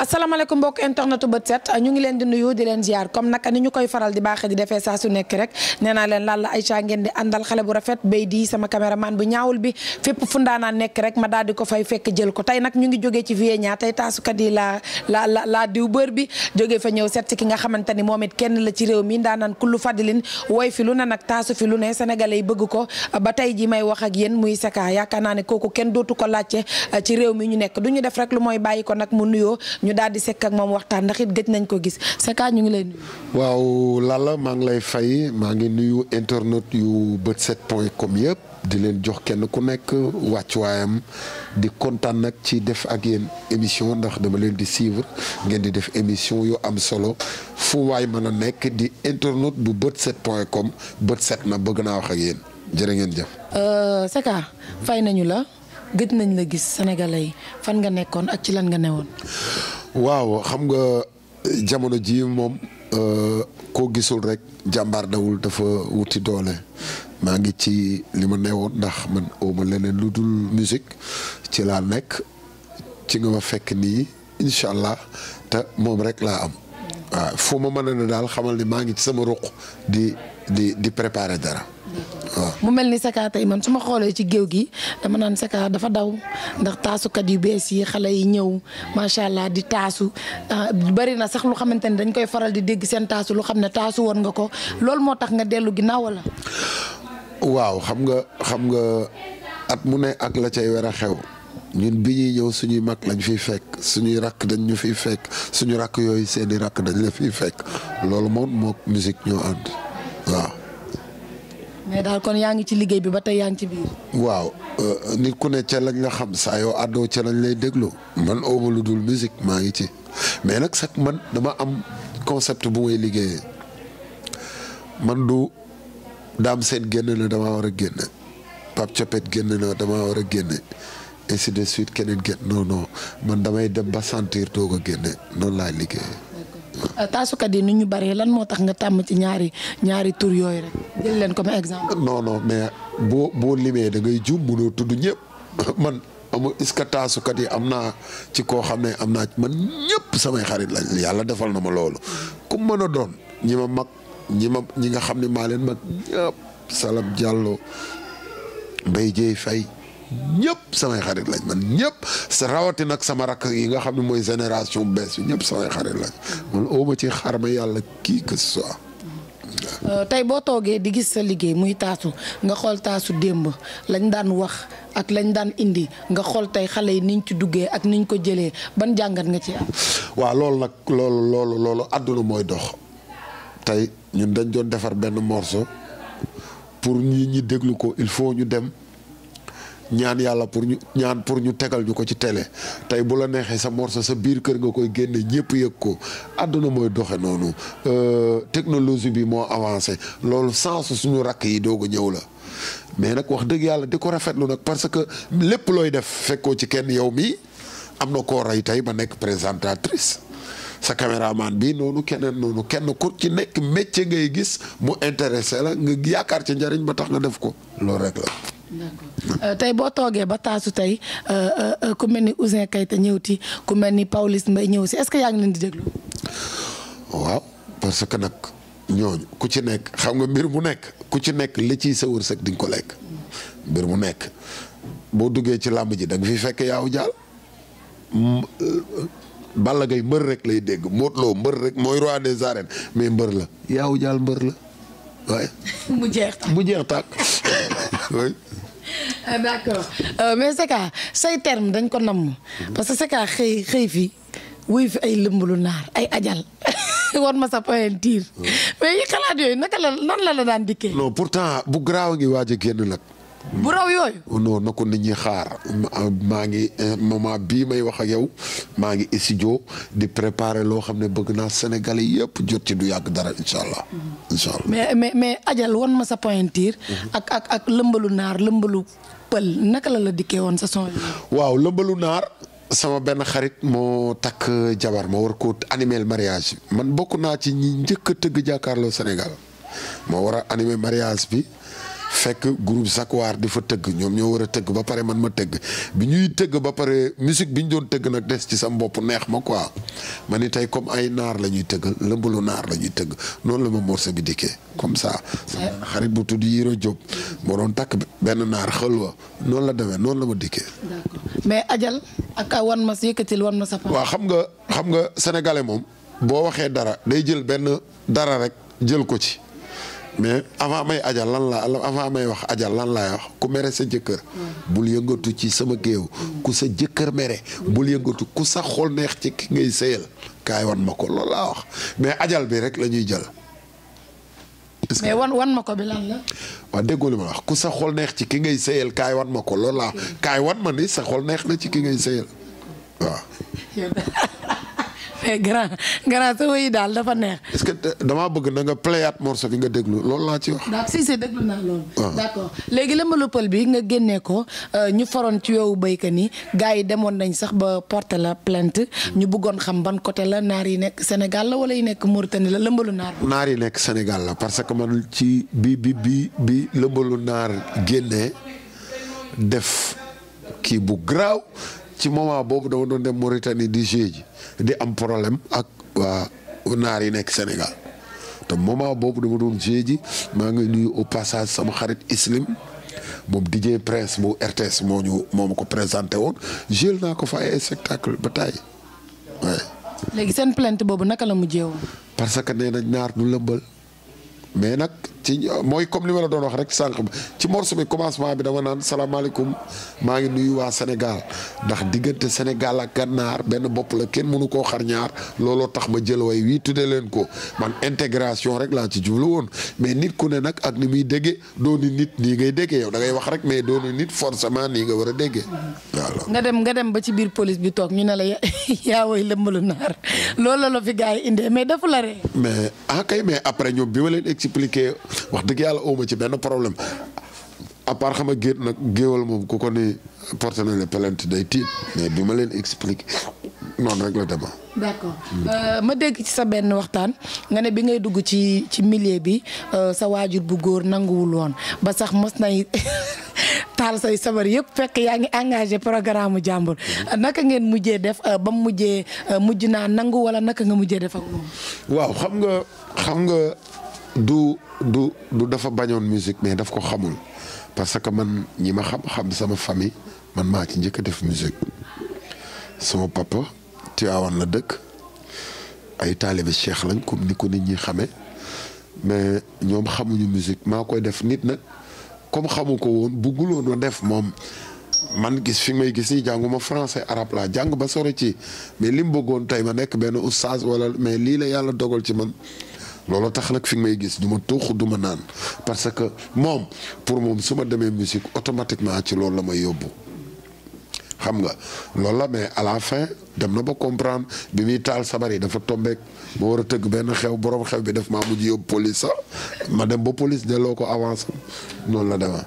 asalaamaaleykum mbokk internetu bët set ñu ngi leen di nuyu di leen ziar comme naka ni ñu koy faral di baaxee di defee saa su nekk rek nee naa leen Lalla Aïcha ngeen di àndal xale bu rafet béy di sama caméraman bu ñaawul bi fépp fu ndaanaan nekk rek ma daal di ko fay fekk jël ko tey nag ñu ngi jógee ci Vienna tey taasukat yi la la la la diw bër bi jóge fa ñëw set ki nga xamante ni moom it kenn la ci réew mi ndaanaan kullu fadilin woy fi lu ne nag taasu fi lu ne sénégalais yi bëgg ko ba tey ji may wax ak yéen muy Secka yaakaar naa ne kooku kenn dootu ko laajte ci réew mi ñu nekk du ñu def rek lu mooy bàyyi ko nag mu nuyoo daal di sekk ak moom waxtaan ndax it gëj nañ ko gis Secka ñu ngi lay nuyu. waaw Lalla maa ngi lay fay maa ngi nuyu internet yu bët set point com yëpp di leen jox kenn ku nekk wàccuwaayam di kontaan nag ci def ak yéen émission ndax dama leen di suivre ngeen di def émission yu am solo fu mën nekk di internet bu bët set point com bët set na bëgg naa wax ak yéen jërë ngeen jëf. Euh, Secka fay nañu la. gëj nañ la gis sénégalais yi fan nga nekkoon ak ci lan nga newoon. waaw xam nga jamono ji moom euh, koo gisul rek jàmbaar dawul dafa wuti doole maa ngi ci li ma newoon ndax man ooma leneen lu dul musique ci laa nekk ci nga ma fekk nii incha allah te moom rek laa am waaw foo ma mën a ne daal xamal ni maa ngi ci sama ruq di di di préparer dara waaw mu mel ni Secka tey man su ma xoolee ci géew gi dama naan Secka dafa daw ndax taasukat yu bees yi xale yi ñëw macha allah di taasu ah, bari na sax lu xamante ni dañ koy faral di dégg seen taasu xam ne taasu woon nga ko loolu moo tax nga dellu ginnaaw wala. waaw xam nga xam nga at mu ne ak la cay war a xew ñun bi ñuy ñëw suñuy mag lañ fiy fekk suñuy rakk dañ ñu fiy fekk suñu rakk yooyu seeni rakk dañ la fiy fekk loolu moom moo musique ñoo ànd waaw. mais daal kon yaa ngi ci liggéey bi ba tey yaa ngi ci biir. waaw euh, nit ku ne ca lañ nga xam saa yoo àddoo ca lañ lay déglu man ooma lu dul musique maa ngi ci mais nag sax man dama am concept bu may liggéeyee man du daam seen génn na dama war a génne Pape Thiopet génn na dama war a génne ainsi de suite keneen génn non man damay dem ba sentir doog a génne noonu laay liggéeyee. Euh, taasukat yi ni ñu bëree lan moo tax nga tàmm ci ñaari ñaari tur yooyu rek jël leen comme exemple. non mais boo boo limee da ngay juum mënoo tudd ñëpp man amul est-ce taasukat yi am naa ci koo xam ne am naa man ñëpp samay xarit la yàlla defal na ma loolu ku mën a doon ñi ma mag ñi ma ñi nga xam ne maa leen mag ñëpp Salam Diallo Mbaye Dieye Faye ñëpp samay xarit lañ man ñëpp sa rawati nag sama rakk yi nga xam ne mooy génération bees bi ñëpp samay xarit lañ man ooma ci xarma yàlla kii que ce soit euh, tey boo toogee di gis sa liggéey muy taasu nga xool taasu démb lañ daan wax ak lañ daan indi nga xool tey xale yi niñ ci duggee ak niñ ko jëlee ban jàngat nga ci am. waaw loolu nag loolu loolu loolu àdduna mooy dox tey ñu dañ doon defar benn morceau pour ñi ñi déglu ko il faut ñu dem ñaan yàlla pour ñu ñaan pour ñu tegal ñu ko ci télé tey bu la neexee sa morceau sa biir kër nga koy génne ñëpp yëg ko àdduna mooy doxe noonu euh, technologie bi moo avancé loolu sens suñu rakk yi doog a ñëw la mais nag wax dëgg yàlla di ko rafetlu nag parce que lépp looy def fekkoo ci kenn yow mii am na koo rey tey ba nekk présentatrice sa caméraman bi noonu keneen noonu kenn ku ci nekk métier ngay gis mu intéressé la nga yaakaar ci njariñ ba tax nga def ko loolu rek Euh, tey boo toogee ba taasu tey euh, euh, ku mel ni Ouzin ñëw ti ku mel ni Pawlish Mbaye ñëw si est-ce que yaa ngi leen di déglu. waaw parce que nag ñooñu ku ci nekk xam nga mbir mu nekk ku ci nekk li ciy sa wërsëg di ko lekk mbir mu nekk boo duggee ci làmb ji da nga fi fekk yaaw jaal. Balla Gaye mbër rek lay dégg Modou mbër rek mooy roi des arènes mais mbër la yaaw jaal mbër la waaye. mu jeex tàkk Ah, d' accord euh, mais Secka say terme dañ ko namm parce que Secka xëy xëy fi wuy fi ay lëmbalu naar ay ajal war ma sa pointir hmm. mais yi xalaat yooyu naka la nan la la daan dikkee. non pourtant bu garaaw gi waaj a génn nag. bu raw yooyu. non na ko nit ñi xaar maa ngi moment bii may wax ak yow maa ngi studio di préparer loo xam ne bëgg naa Sénégalais yëpp jot ci du yàgg dara incha allah. Mm-hmm. mais mais mais ajal wan ma sa pointure. Mm-hmm. ak ak ak lëmbalu naar lëmbalu pël naka la la dikkee woon sa son waaw lëmbalu naar. sama benn xarit moo takk jabar ma war ko animer mariage man bokk naa ci ñi njëkk a tëgg jàkkaarloo Sénégal moo war a animer mariage bi fekk groupe Zakuar di fa tëgg ñoom ñoo war a tëgg ba pare man ma tëgg bi ñuy tëgg ba pare musique bi ñu doon tëgg nag des ci sam bopp neex ma quoi ma ni tey comme ay naar la ñuy tëgg lëmbalu naar la ñuy tëgg noonu la ma morceau bi dikkee comme ça. sama xarit bu tudd Yiro jóg moo doon takk benn naar xëlwa noonu la demee noonu la ma dikkee. mais ajal ak wan ma yëkkatil wan ma sa waaw xam nga xam nga sénégalais moom boo waxee dara day jël benn dara rek jël ko ci. mais avant may aja lan laa avant may wax aja lan laay wax ku mere sa jëkkër bul yëngatu ci sama géew ku sa jëkkër mere bul yëngatu ku sa xol neex ci ki ngay sëyal kaay wan ma ko loolu laa wax mais ajal bi rek la ñuy jël mais wan wan ma ko bi déggoo li ma wax ku sa xol neex ci ki ngay sëyal kaay wan ma ko loolu laa wax kaay wan ma ni sa xol neex na ci ki ngay sëyal waaw mais grand grand sa wéy daal dafa neex. est-ce que damaa bëgg na nga playaat morceau bi nga déglu loolu laa ci wax. ndax si si déglu naa loolu. Ah. d'accord léegi la mëlëpal bi nga génnee ko euh, ñu faroon ci yowu béykat yi gars yi demoon nañ sax ba porter la plainte ñu buggoon xam ban côté la naar yi nekk Sénégal la wala yi nekk Mauritanie la lëmbalu naar. naar yi nekk Sénégal la parce que man ci bi bi bi bi lëmbalu naar génnee def kii bu garaaw ci moment boobu dama doon dem Mauritanie di jouer ji di am problème ak waa naar yi nekk Sénégal te moment boobu dama doon jouer ji maa ngi nuyu au passage sama xarit Islim moom DJ Prince bu RTS moo ñu moo ko présenté woon jël naa ko fa ay spectacle ba léegi seen plainte boobu naka la mu woon. parce que nee na naar du lëmbal mais nag. ci mooy comme li ma la doon wax rek sànq ci morceau bi commencement bi dama naan salaamaaleykum maa ngi nuyu waa Sénégal ndax diggante Sénégal ak gànnaar benn bopp la kenn mënu koo xar ñaar looloo tax ma jël way wii tuddee leen ko man intégration rek laa ci jublu woon mais nit ku ne nag ak ni muy déggee doonu nit nii ngay déggee yow da ngay wax rek mais doonu nit forcément nii nga war a déggee voilà. nga dem nga ba ci biir police bi toog ñu ne la yaa way lëmbalu naar loolu la fi gars yi indee mais dafa la ree mais ah mais après ñoom bi ma leen expliqué. wax dëgg yàlla ooma ci benn problème à part xam nga géet nag géewal moom ku ko ni porté na la plainte day tiit mais bi ma leen expliqué noonu rek la dema d' euh, ma dégg ci sa benn waxtaan nga ne bi ngay dugg ci ci milieu bi euh, sa waajur bu góor nanguwul woon ba sax mos nay taal say sabar yëpp fekk yaa ngi engagé programme mu jàmbur naka ngeen mujjee def euh, ba mu mujjee mujj naa nangu wala naka nga mujjee def moom. waaw xam nga xam nga du du du dafa bañoon musique mais daf ko xamul parce que man ñi ma xam xam sama famille man maa ci njëkk a def musique sama papa Tiwaawan la dëkk ay taalibe cheikh lañ comme ni ko nit ñi xamee mais ñoom xamuñu musique maa koy def nit nag comme xamu ko woon bugguloon ma def moom man gis fi may gis nii jànguma français arabe laa jàng ba sore ci mais li mu bëggoon tey ma nekk benn oustaz wala mais lii la yàlla dogal ci man. looloo tax nag fi nga may gis du ma tuux du ma naan parce que moom pour moom su ma demee musique automatiquement ci loolu la may yóbbu xam nga loolu la mais à fin dem na ba comprendre bi muy taal sabar yi dafa tombeek ma war a tëgg benn xew borom xew bi daf maa mujj yóbbu police sax ma dem ba police delloo ko avance noonu la demee.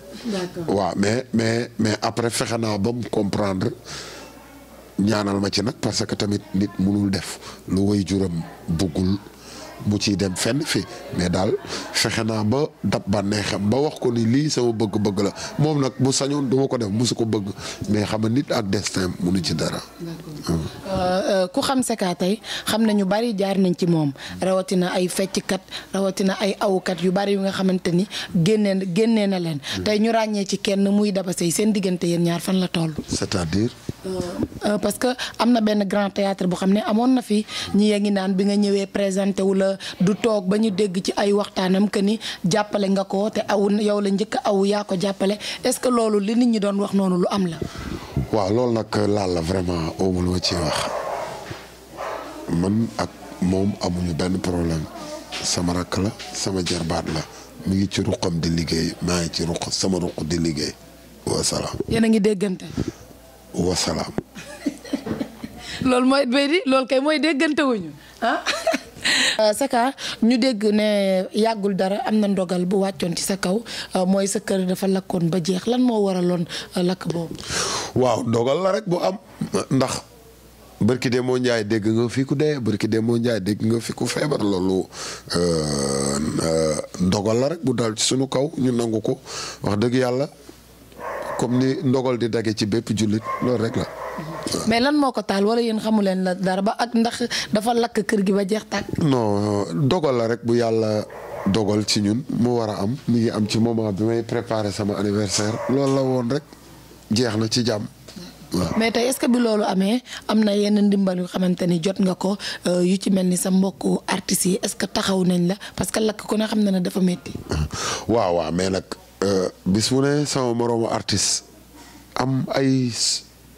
waaw mais mais mais après fexe naa ba mu comprendre ñaanal ma ci nag parce que tamit nit mënul def lu way juram buggul. mu ci dem fenn fii mais daal fexe naa ba dab bànneexam ba wax ko ni lii sama bëgg-bëgg la moom nag bu sañoon duma ko def mosu ko bëgg mais xam nga nit ak destin munu ci dara. Euh, euh, ku xam Secka tey xam na ñu bari jaar nañ ci moom rawatina ay fecckat rawatina ay awukat yu bari yu nga xamante ni génnee génnee na leen. Hmm. tey ñu ràññee ci kenn muy Daba Seye seen diggante yéen ñaar fan la tool cest Euh, euh, parce que am na benn grand théâtre boo xam ne amoon na fi ñi yaa ngi naan bi nga ñëwee présenté wu la du toog ba ñu dégg ci ay waxtaanam que ni jàppale nga ko te aw yow la njëkk aw yaa ko jàppale est-ce que loolu li nit ñi doon wax noonu lu am la. waaw loolu nag euh, laal la vraiment amul ma ci wax man ak moom amuñu benn problème sama rakk la sama jarbaat la mu ngi ci di liggéey maa ngi ruq sama ruq di liggéey wa salaam. yéen ngi déggante. wasalaam. loolu mooy béy di loolu kay mooy déggante wuñu ah. Euh, Saka ñu dégg ne yàggul dara am na ndogal bu wàccoon ci sa kaw euh, mooy sa kër dafa lakkoon ba jeex lan moo waraloon euh, lakk boobu. waaw ndogal la rek bu am ndax bërki de moo njaay dégg nga fi ku dee bërki de moo njaay dégg nga fi ku feebar loolu ndogal la rek bu dal ci suñu kaw ñu nangu ko wax dëgg yàlla. comme ni ndogal di dage ci bépp jullit loolu rek la. mais lan moo ko taal wala yéen xamu leen la dara ba ak ndax dafa lakk kër gi ba jeex tàkk. non dogal la rek bu yàlla dogal ci ñun mu war a am mu ngi am ci moment bi may préparer sama anniversaire loolu la woon rek jeex na ci jàmm. waaw mais tey est-ce que bi loolu amee am na yenn ndimbal yu xamante ni jot nga ko euh, yu ci mel ni sa mbokku artistes yi est-ce que taxaw nañ la parce que lakk ko ne xam na ne dafa métti. waaw waaw mais nag Euh, bis mu ne sama moroomu artiste am ay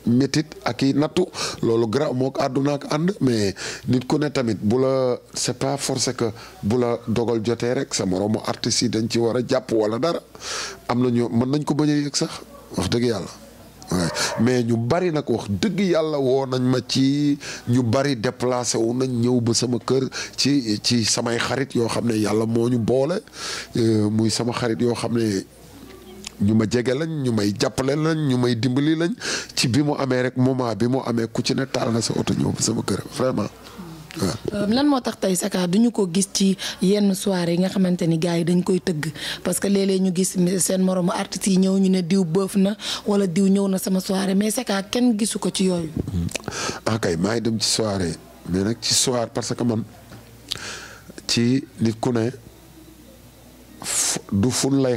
métit ak i nattu loolu gra mook àdduna ak ànd mais nit ku ne tamit bu la c'est pas force que bu la dogal jotee rek sa moroomu artiste yi dañ ci war a jàpp wala dara am na ñoo mën nañ ko bañ a yëg sax wax dëgg yàlla mais ñu bari nag wax dëgg yàlla woo nañ ma ci ñu bari déplacé wu nañ ñëw ba sama kër ci ci samay xarit yoo xam ne yàlla moo ñu boole euh, muy sama xarit yoo xam ne ñu ma jege lañ ñu may jàppale lañ ñu may dimbali lañ ci bi mu amee rek moment bi mu amee ku ci ne taal nga sa oto ñëw ba sama kër vraiment. Euh, lan moo tax tey Saka duñu ko gis ci yenn soire yi nga xamante ni gars yi dañ koy tëgg parce que léeg-léeg ñu gis seen moromu artistes yi ñëw ñu ne diw bëf na wala diw ñëw na sama soire mais Saka kenn gisu ko ci yooyu. Mm-hmm. ah kay maa ngi dem ci soirée mais parce que man ci lay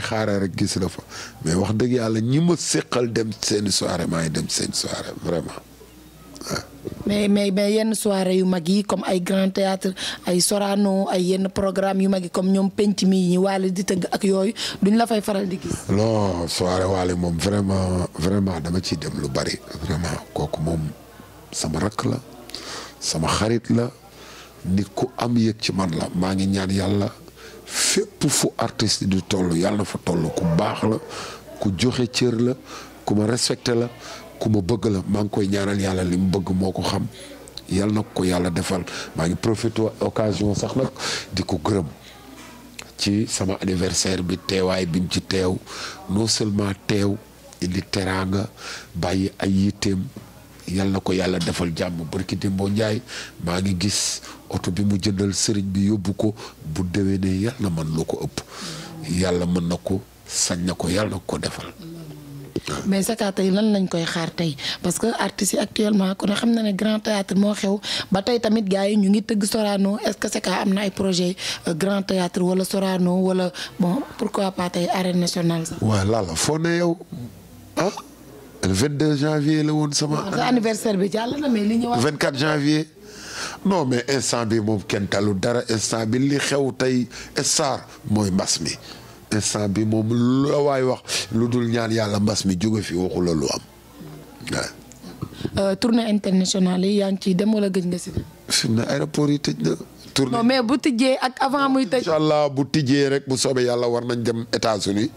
xaaree rek gis la fa mais wax dëgg yàlla ñi ma séqal dem seeni soirée maa dem seeni soirée mais mais mais yenn soirée yu mag yi comme ay grand théâtre ay soraano ay yenn programme yu mag yi comme ñoom penc mi ñu waale di tëgg ak yooyu duñ la fay faral di gis. non soirée waale moom vraiment vraiment dama ciy dem lu bari vraiment kooku moom sama rakk la sama xarit la nit ku am yëg ci man la maa ngi ñaan yàlla fépp fu artiste di toll yàlla na fa toll ku baax la ku joxe cër la ku ma la ku ma bëgg la maa ngi koy ñaanal yàlla li mu bëgg moo ko xam yal na ko yàlla defal maa ngi profité occasion sax nag di ko gërëm ci sama anniversaire bi teewaay bi mu ci teew non seulement teew indi teraanga bàyyi ay yitteem yàlla na ko yàlla defal jàmm barki Dembo Ndiaye maa ngi gis oto bi mu jëndal sëriñ bi yóbbu ko bu déwénee yàlla na man lu ko ëpp yàlla mën na ko sañ na ko yàlla na ko defal. mais Saka tey lan lañ koy xaar tey parce que artistes yi actuellement ku ne xam na ne grand théâtre moo xew ba tey tamit gars yi ñu ngi tëgg Sorano est-ce que Saka am na ay projet euh, grand théâtre wala Sorano wala bon quoi pas tey arène nationale sax. waaw laala foo ne yow ah. 22 janvier la woon sama. anniversaire bi jàll na mais li ñu wax. 24 janvier. non mais instant bi moom kenn talu dara instant bi li xew tey star mooy mbas mi. instant bi moom loo waay wax lu dul ñaan yàlla mbas mi jóge fi waxu lu am waaw. Euh, tournée internationale yi yaa ngi ciy dem wala gëj nga si. fi mu ne aéroport yi tëj na. tournée mais bu tijjee ak avant muy tëj. incha allah bu tijjee rek bu soobee yàlla war nañ dem États-Unis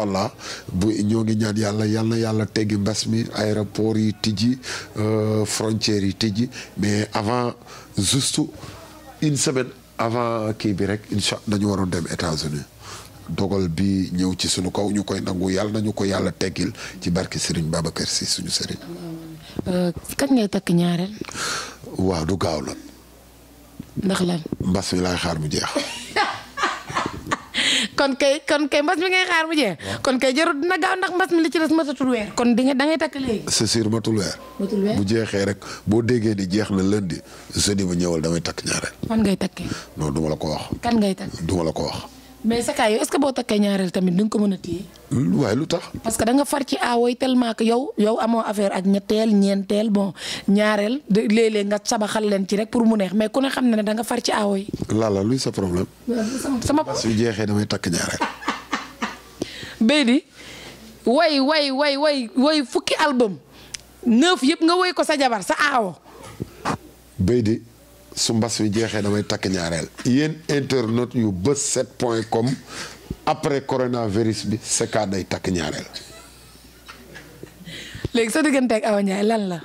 allah bu ñoo ngi ñaan yàlla yal na yàlla teggi mbas mi aéroport yi tijji euh, frontières yi tijji mais avant juste une semaine avant kii bi rek dañu waroon dem États-Unis dogal bi ñëw ci sunu kaw ñu koy nangu yàlla nañu ko yàlla teggil ci barke Serigne Babacar si suñu Serigne. Euh, kan ngay takk ñaareel. waaw du gaaw la. ndax lan. mbas mi laay xaar mu jeex. kon kay kon kay mbas mi kay jarul dina gaaw ndax mbas mi li ci des matatul weer. kon di nga da ngay takk léegi. c'est sûr matul weer. matul bu jeexee rek boo déggee ni jeex na lundi jeudi ba ñëwal damay takk ñaareel. fan ngay la ko wax. kan la ko wax. mais Seka yow est-ce que boo takkee ñaareel tamit di ko mën a téye. waaye lu tax. parce que nga far ci aawooy tellement que yow yow amoo affaire ak ñetteel ñeenteel bon ñaareel de léeg-léeg nga sabaxal leen ci rek pour mu neex mais ku ne xam na ne danga nga far ci aawooy. Lalla luy sa problème. sama parce que jeexee damay takk ñaareel. béy di way way way way way fukki album neuf yëpp nga woy ko sa jabar sa aawo. béy di. su mbas mi jeexee damay takk ñaareel yéen internautes yu bës 7 point com après coronavirus bi Secka day takk ñaareel. léegi sa diggante ak Awa lan la.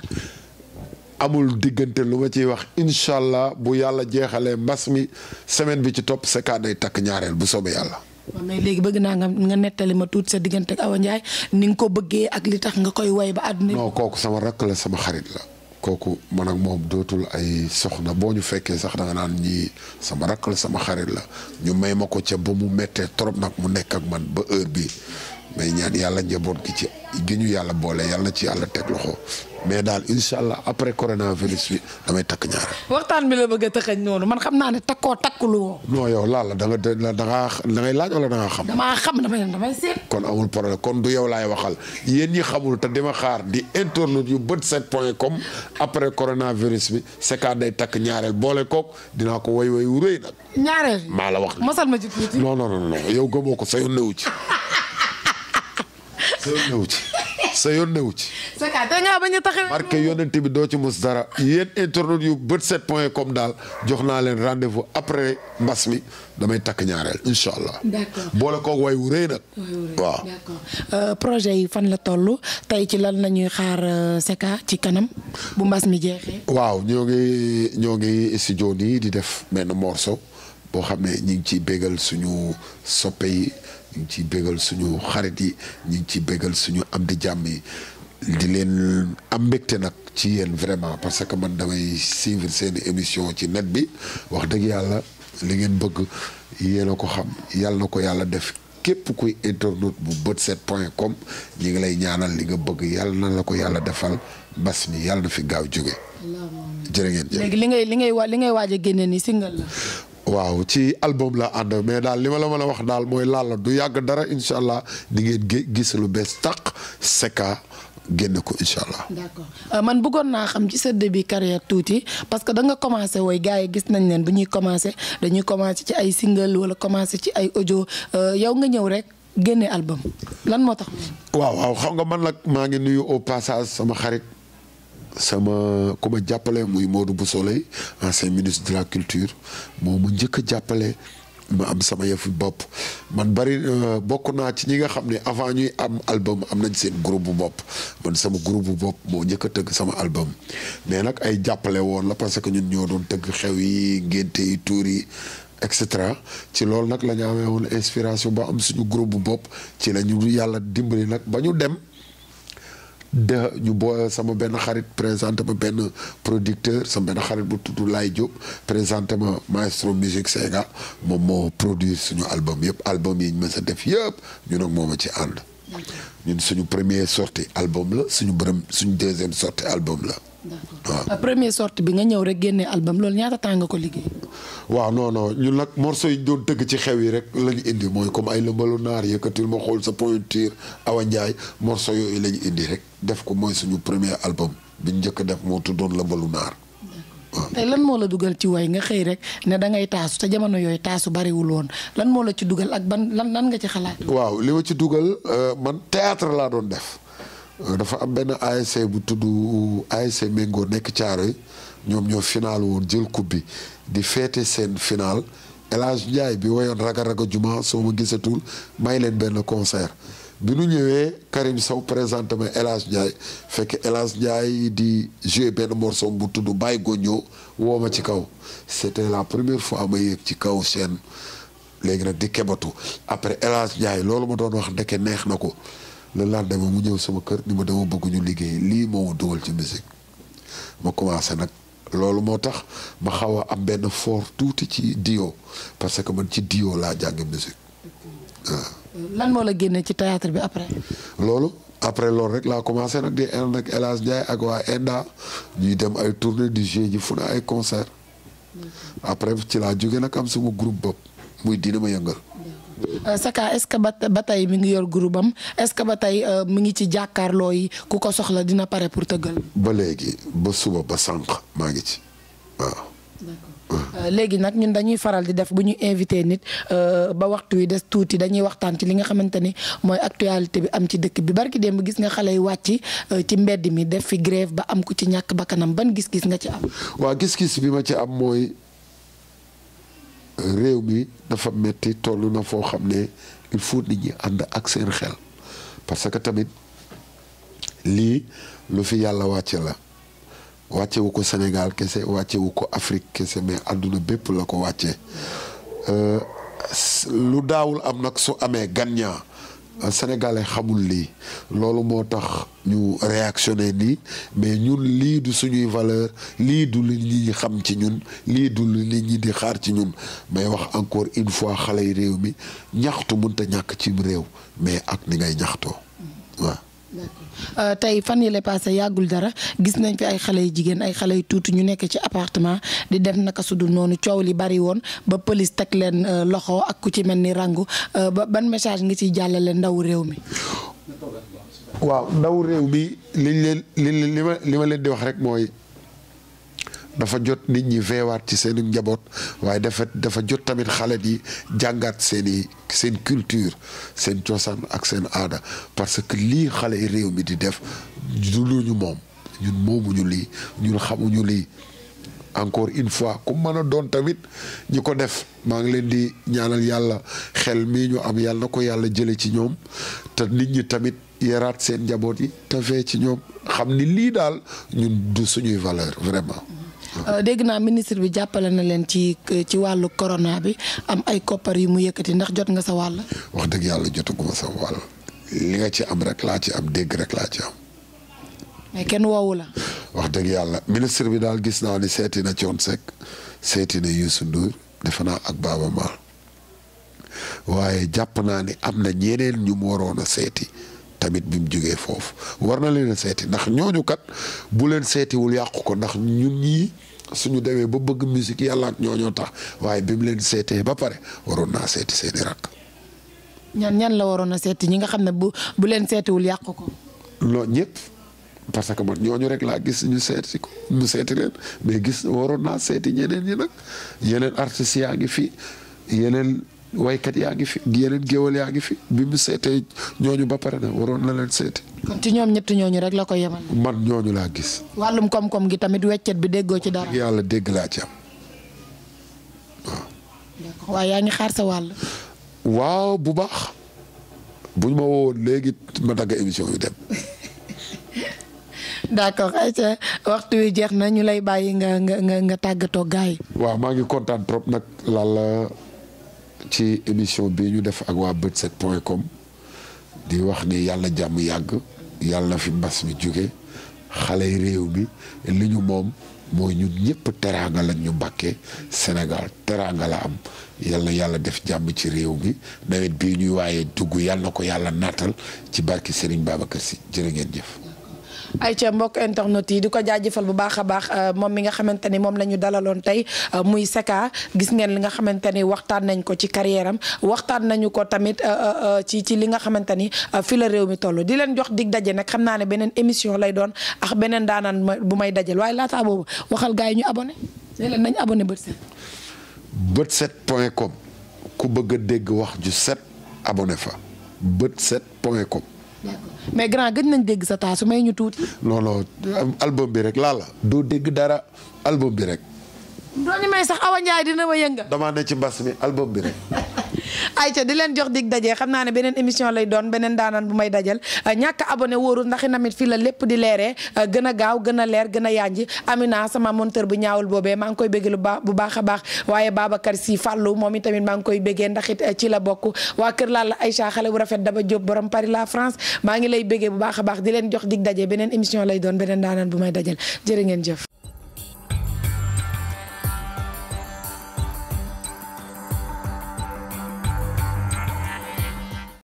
amul diggante lu ma ci wax incha allah bu yàlla jeexalee mbas mi semaine bi ci topp Secka day takk ñaareel bu soobee yàlla. mais léegi bëgg naa nga nettali ma tuuti sa diggante ak Awa ni nga ko bëggee ak li tax nga koy way ba àdduna. non kooku sama rakk la sama xarit la. kooku man ak moom dootul ay soxna boo ñu fekkee sax da nga naan ñii sama rakk la sama xarit la ñu may ma ko ca ba mu méttee trop nag mu nekk ak man ba heure bi may ñaan yàlla njaboot gi ci gi ñu yàlla boole yàlla na ci yàlla teg loxo mais daal incha allah après coronavirus bi damay takk ñaareel. waxtaan bi la bëgg a taxañ noonu man xam naa ne takkoo takkuloo woo. non yow laal la da nga da nga da laaj wala da xam. xam damay damay seet. kon amul problème kon du yow laay waxal yéen ñi xamul te dima xaar di internet yu bët set point com après coronavirus bi Secka day takk ñaareel boole kook dinaa ko woy woy wu rëy nag. ñaareel maa la wax. mosal ma ci tuuti. non non non yow gëmoo ko sa yoon newu ci sa ci. sa yoon newu ci. sa kaa da ngaa doo ci mus dara yéen internautes yu bët set point com daal jox naa leen rendez-vous après mbas mi damay takk ñaareel incha allah. d'accord boole koog way wu rëy nag. waaw euh, projet yi fan la toll tey ci lan nañuy xaar euh, Secka ci kanam bu mbas mi jeexee. waaw ñoo ngi si ngi studio di def benn morceau boo xam ne ñu ngi ciy bégal suñu soppe yi. ñu ngi ciy bégal suñu xarit yi ñu ngi ciy bégal suñu am di jàmm di leen am mbégte nag ci yéen vraiment parce que man damay suivre seen émission ci net bi wax dëgg yàlla li ngeen bëgg yéen ko xam yàlla ko yàlla def képp kuy internaute bu bët set point com ñi ngi lay ñaanal li nga bëgg yàlla na la ko yàlla defal mbas mi yàlla na fi gaaw jóge jërë ngeen léegi li ngay li ngay li ngay waaj a génne la waaw ci album laa ànd mais daal li ma la mën a wax daal mooy laala du yàgg dara incha allah di gis lu bees tàq Secka génn ko incha allah. d'accord euh, man bëggoon naa xam ci sa début carrière tuuti parce que da nga commencé woy gars yi gis nañ neen bu ñuy commencé dañuy commencé ci ay single wala commencé ci ay audio euh, yow nga ñëw rek génne album lan moo tax. waaw waaw xam nga man lag maa ngi nuyu au passage sama xarit. sama ku jàppale muy Modou Boussolé ancien ministre de la culture moo ma njëkk a jàppale ma am sama yëfu bopp man bari euh, bokk naa ci ñi nga xam ne avant ñuy am album am nañ seen groupe bu bopp sama groupe bu bopp moo njëkk a tëgg sama album mais nag ay jàppale woon la parce que ñun ñoo doon tëgg xew yi ngénte yi tuur yi et cetera ci loolu nag la ñu amee woon inspiration ba am suñu groupe bu bopp ci la ñu yàlla dimbali nag ba ñu dem. de ñu boo sama benn xarit présenté ma benn producteur sama benn xarit bu tudd Laye Diop présenté ma maestro musique Sénégal moom moo produire suñu album yëpp album yi ñu mës a def yëpp ñun ak moom ci ànd ñun suñu premier sortie album la suñu bërëm suñu deuxième sortie album la waaw ah. première sortie bi nga ñëw rek génne album loolu ñaata temps nga ko liggéey. waaw non non nag morceau yi doon tëgg ci xew yi rek la indi mooy comme ay lëmbalu naar yëkkatil ma xool sa pointure Awa Ndiaye morceau yooyu la ñu indi rek def ko mooy suñu premier album bi ñu njëkk def moo doon lëmbalu naar. tey lan moo la dugal ci way nga xëy rek ne da ngay taasu sa jamono yooyu taasu bariwul woon lan moo la ci dugal ak ban lan lan nga ci xalaat. waaw li ma ci dugal euh, man théâtre laa doon def. dafa am benn ASC bu tudd ASC Mengo nekk caaro yi ñoom ñoo final woon jël coupe bi di féete seen final El Hadj bi woyoon raga raga juma soo ma gisatul may leen benn concert bi nu ñëwee Karim Sow présenté ma El Hadj fekk El Hadj di jouer benn morceau bu tudd Baye Goño woo ma ci kaw c'était la première fois ma yéeg ci kaw seen léegi nag di kebatu après El Hadj loolu ma doon wax ndeke neex na ko le lendemain mu ñëw sama kër ni ma dama bëgg liggéey lii moo dugal ci musique ma commencé nag loolu moo tax ma xaw a am benn fort tuuti ci dio parce que man ci dio laa jàngi musique waaw. lan moo la génne ci théâtre bi après. loolu après loolu rek laa commencé nag di ànd ak El Hadj Ndiaye ak waa Enda ñuy dem ay tournée du jeu ji fu ne ay concert mm-hmm. après ci laa jóge nag am sama groupe bopp muy dina ma yëngal. Euh, Saka est-ce que ba tey mi ngi yor groupe am est-ce que ba tey euh, mi ngi ci jàkkaarloo yi ku ko soxla dina pare pour tëggal. ba léegi ba suba ba sànq maa ngi ci euh, léegi nag ñun dañuy faral di def bu ñu invité nit ba waxtu wi des tuuti dañuy waxtaan ci li nga xamante ni mooy actualité bi am ci dëkk bi barki démb gis nga xale yi wàcc ci mbedd mi def fi grève ba am ku ci ñàkk bakkanam ban gis-gis nga ci am. waa gis-gis bi ma ci am mooy. réew mi dafa metti toll na foo xam ne il faut nit ñi ànd ak seen xel parce que tamit lii lu fi yàlla wàcce la wàccewu ko Sénégal kese wàccewu ko Afrique kese mais àdduna bépp la ko wàcce euh, lu daawul am nag su amee ganñaa Euh, sénégalais xamul lii loolu moo tax ñu réactionné nii mais ñun lii du suñuy valeur lii du li nit ñi xam ci ñun lii du li nit di xaar ci ñun may wax encore une fois xale yi réew mi ñaxtu mënta ñàkk ci réew mais ak ni ngay ñaxtoo waaw Euh, tey fan yi la passé yàggul dara gis nañ fi ay xale yu jigéen ay xale yu tuuti ñu nekk ci appartement di def naka su noonu coow li bari woon ba pëlis teg leen euh, loxo ak ku ci mel ni rangu euh, ba ban message nga ciy jàllale ndawu réew mi. waaw ndawu réew bi liñ leen li li ma li ma leen di wax rek mooy. dafa jot nit ñi veewaat ci seen njaboot waaye dafa dafa jot tamit xale yi jàngaat seen i seen culture seen cosaan ak seen aada parce que lii xale yi réew mi di def du lu ñu moom ñun moomuñu lii ñun xamuñu lii encore une fois ku mën a doon tamit ñi ko def maa ngi leen di ñaanal yàlla xel mii ñu am yàlla na ko yàlla jële ci ñoom te nit ñi tamit yaraat seen njaboot yi te fee ci ñoom xam ni lii daal ñun du suñuy valeur vraiment Euh, dégg naa ministre bi jàppale na leen ci ci wàllu corona bi am ay koppar yu mu yëkkati ndax jot nga sa wàll. wax dëgg yàlla jotaguma sa wàll li nga ci am rek laa ci am rek laa mais kenn woowu la. wax dëgg yàlla ministre bi daal gis naa ni seeti na Thione Seck seeti na Youssou Ndour defe naa ak Baaba waaye jàpp naa ni am na ñeneen ñu mu a seeti. tamit bi mu jógee foofu war na leen a seeti ndax ñooñu kat bu leen seetiwul yàqu ko ndax ñu ñii suñu demee ba bëgg musique yàlla ak ñooñoo tax waaye bi mu leen seetee ba pare waroon naa seeti seeni rakk. ñan ñan la waroon a seeti ñi nga xam ne bu bu leen seetiwul yàqu ko. non ñëpp parce que man ñooñu rek laa gis ñu seeti ko mu seeti leen mais gis waroon naa seeti ñeneen yi nag yeneen artistes yaa ngi fi yeneen. waykat yaa ngi fi yeneen géwal yaa ngi fi bi mu seetee ñooñu ba pare na waroon na leen seeti. ci ñoom ñetti ñooñu rek la ko yemal. man ñooñu laa gis. wàllum koom gi tamit weccet bi déggoo ci dara. yàlla dégg laa waaw. yaa ngi xaar sa wàll. waaw bu baax buñ ma woowoon léegi ma dagg émission yu dem. d'accord ayca waxtu wi jeex na ñu lay bàyyi nga tàggatoo gaay waaw maa ngi kontaan trop nag lalla. ci émission bi ñu def ak waa Bët7 point com di wax ni yàlla jàmm yàgg yàlla na fi mbas mi jóge xale yi réew mi li ñu moom mooy ñun ñëpp teraanga la ñu mbàkkee Sénégal teraanga la am yal na yàlla def jàmm ci réew mi nawet bii ñuy waaye dugg yàlla na ko yàlla naatal ci barki Serigne Babacar Sy jërë ngeen jëf. ay ca mbokk internet yi di ko jaajëfal bu baax a baax euh, moom mi nga xamante ni moom la ñu dalaloon tey euh, muy Secka gis ngeen li nga xamante ni waxtaan nañ ko ci carrière waxtaan nañu ko tamit euh, ci ci li nga xamante ni fi la réew mi toll di leen jox dig daje nag xam naa ne beneen émission lay doon ak beneen daanaan bu may dajal waaye laataa boobu waxal gars yi ñu abonné ne leen nañ abonné bët set bët set point com ku bëgg a dégg wax ju set abonné fa d'accord mais grand gëj nañ dégg sa taasu may ñu tuuti. non non album bi rek laa la. doo dégg dara album bi rek. doo ñu may sax Awa Ndiaye dina ma yënga. damaa ne ci mbas mi album bi rek. ay ayca di leen jox dig daje xam naa ne beneen émission lay doon beneen daanaan bu may dajal euh, ñàkk abone wóorul ndax namit fii la lépp di leeree euh, gën a gaaw gën a leer gën a yaanji Amina sama monteur bu ñaawul boobee maa ngi koy bégg lu baax bu baax a baax waaye Babacar Si Fàllu moom itamit maa ngi koy béggee ndax it euh, ci la bokk waa kër laa la Aïcha xale bu rafet dama Diop borom Paris la France maa ngi lay béggee bu baax a baax di leen jox dig daje beneen émission lay doon beneen daanaan bu may dajal jërë ngeen jëf